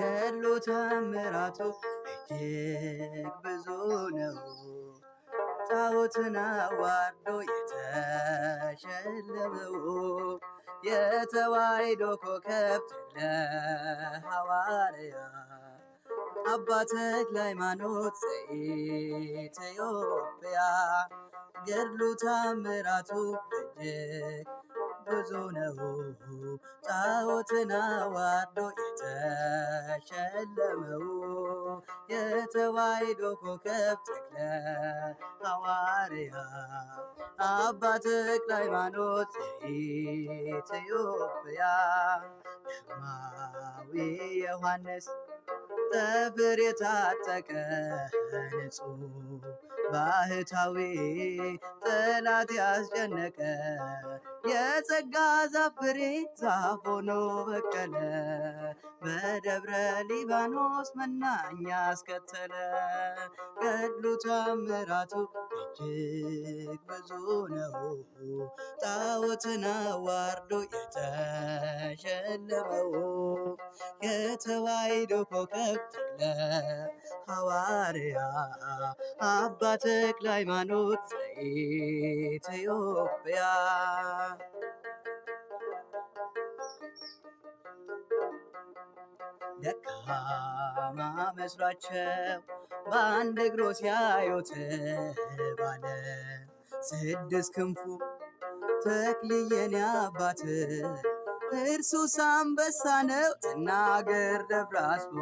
ገድሉ ተአምራቱ እጅግ ብዙ ነው። ጣዖትን አዋርዶ የተሸለመው የተዋሕዶ ኮከብ ለሐዋርያ አባ ተክለሃይማኖት ዘኢትዮጵያ ገድሉ ታምራቱ እጅግ ብዙ ነው። ጣዖትን አዋርዶ የተሸለመው የተዋሕዶ ኮከብ ተክለ ሐዋርያ አባ ተክለሃይማኖት ዘኢትዮጵያ ዳግማዊ ዮሐንስ የታጠበ እግር የታጠቀ ባህታዊ ጠላት ያስጨነቀ የጸጋ ዛፍ ዛፍ ሆኖ በቀለ በደብረ ሊባኖስ መናኛ አስከተለ። ገድሉ ተአምራቱ እጅግ ብዙ ነው። ጣዖትን አዋርዶ የተሸለመው የተዋሕዶ ኮከብ ተክለ ሐዋርያ አባ ተክለ ሃይማኖት ዘኢትዮጵያ ደካማ መስሏቸው በአንድ እግሮ ሲያዩት ባለ ስድስት ክንፉ ተክልየኔ አባት እርሱስ አንበሳ ነው ትናገር ደብረ አስቦ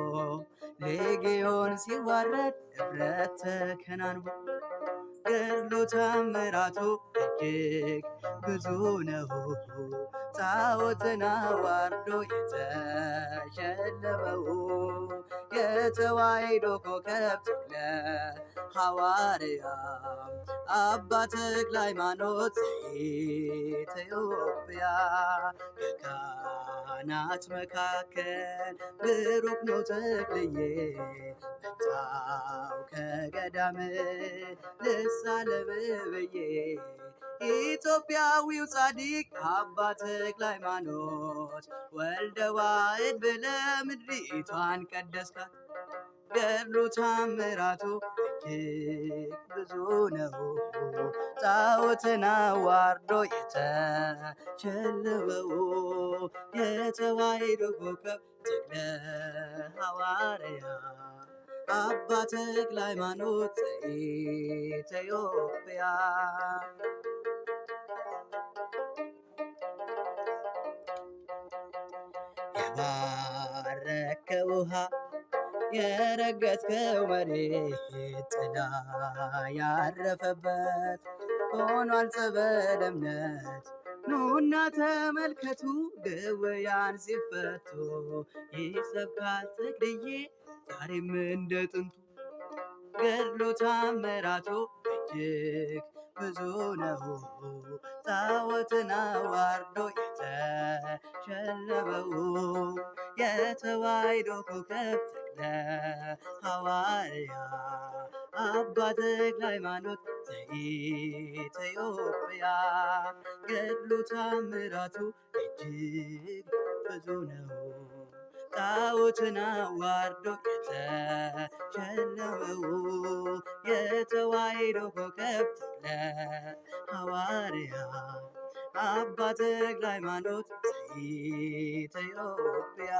ሌጌዮን ሲዋረድ እፍረት ተከናንቦ ገድሉ ተአምራቱ እጅግ ብዙ ነው። ጣዖትን አዋርዶ የተሸለመው የተዋሕዶ ኮከብ ተክለ ሐዋርያም አባ ተክለ ሃይማኖት ዘኢትዮጵያ ካህናት መካከል ብሩክ ነው ተክልዬ መጣው ከገዳም ልሳለም ብዬ ኢትዮጵያዊው ጻድቅ አባ ተክለ ሃይማኖት ወልደ ዋሕድ ብለህ ምድሪቷን ቀደስካት። ገድሉ ታምራቱ እጅግ ብዙ ነው። ጣዖትን አዋርዶ የተሸለመው የተዋሕዶ ኮከብ ተክለ ሐዋርያ አባ ተክለ ሃይማኖት ዘኢትዮጵያ የባረከ ውሃ የረገጥከው መሬት ጥላ ያረፈበት ሆኗል ጸበል እምነት። ኑና ተመልከቱ ደዌያን ሲፈቱ ይሰብካል ተክልዬ ዛሬም እንደ ጥንቱ ገድሎታ መራቶ እጅግ ብዙ ነው ጣዖትን አዋርዶ የተሸለበው የተዋሕዶ ኮከብ ተክለ ሐዋርያ አባ ተክለ ሃይማኖት ዘኢትዮጵያ ገድሉ ታምራቱ እጅግ ብዙ ነው። ጣዖትን አዋርዶ የተዋሕዶ ኮከብ ለሐዋርያ አባ ተክለ ሃይማኖት ዘኢትዮጵያ